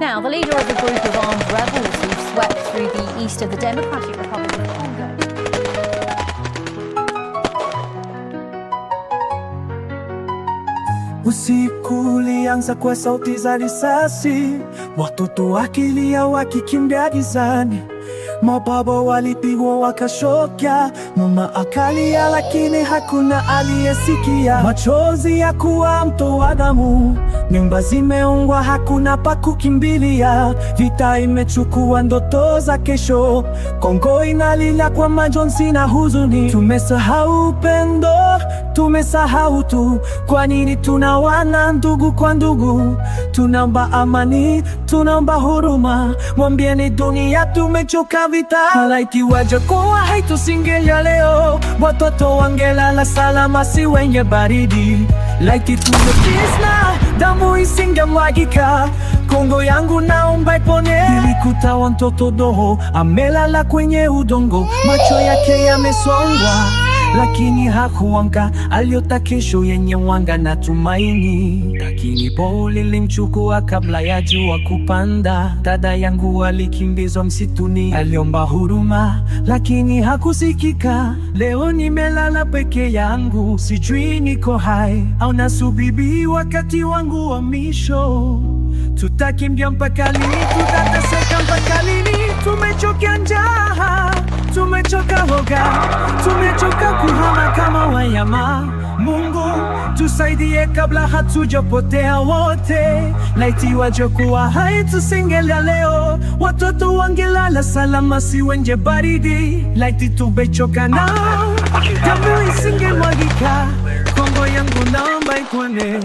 Now, the leader of a group of armed rebels who swept through the east of the Democratic Republic of Congo. Usiku ulianza kwa sauti za risasi, watoto wakilia wakikimbia gizani Mababa walipigwa wakashokya mama akalia, lakini hakuna aliyesikia. Machozi ya kuwa mto wa damu, nyumba zimeungwa, hakuna pa kukimbilia. Vita imechukua ndoto za kesho, Kongo inalila kwa majonzi na huzuni. Tumesahau upendo, tumesahau tu. Kwa nini tunawana ndugu kwa ndugu? Tunaomba amani, tunaomba huruma, mwambieni dunia tumechoka vita, halaiki wajakuwa haitusingelia leo, watoto wangelala salama, si wenye baridi, laiki tumekisna damu isingemwagika. Kongo yangu naomba ipone. Nilikuta mtoto doho amelala kwenye udongo, macho yake yamesongwa lakini hakuamka, aliota kesho yenye mwanga na tumaini. Lakini boo lilimchukua kabla ya jua kupanda. Dada yangu alikimbizwa msituni, aliomba huruma lakini hakusikika. Leo nimelala peke yangu, sijui niko hai au nasubibi wakati wangu wa misho. Tutakimbia mpaka lini? Tutateseka mpaka lini? Tumechoka njaa tunaoga, tumechoka kuhama kama wanyama. Mungu tusaidie kabla hatujapotea wote. Laiti wajokuwa hai tusingela leo, watoto wangelala salama, si wenje baridi. Laiti tubechoka nao, damu isingemwagika. Kongo yangu naomba ikone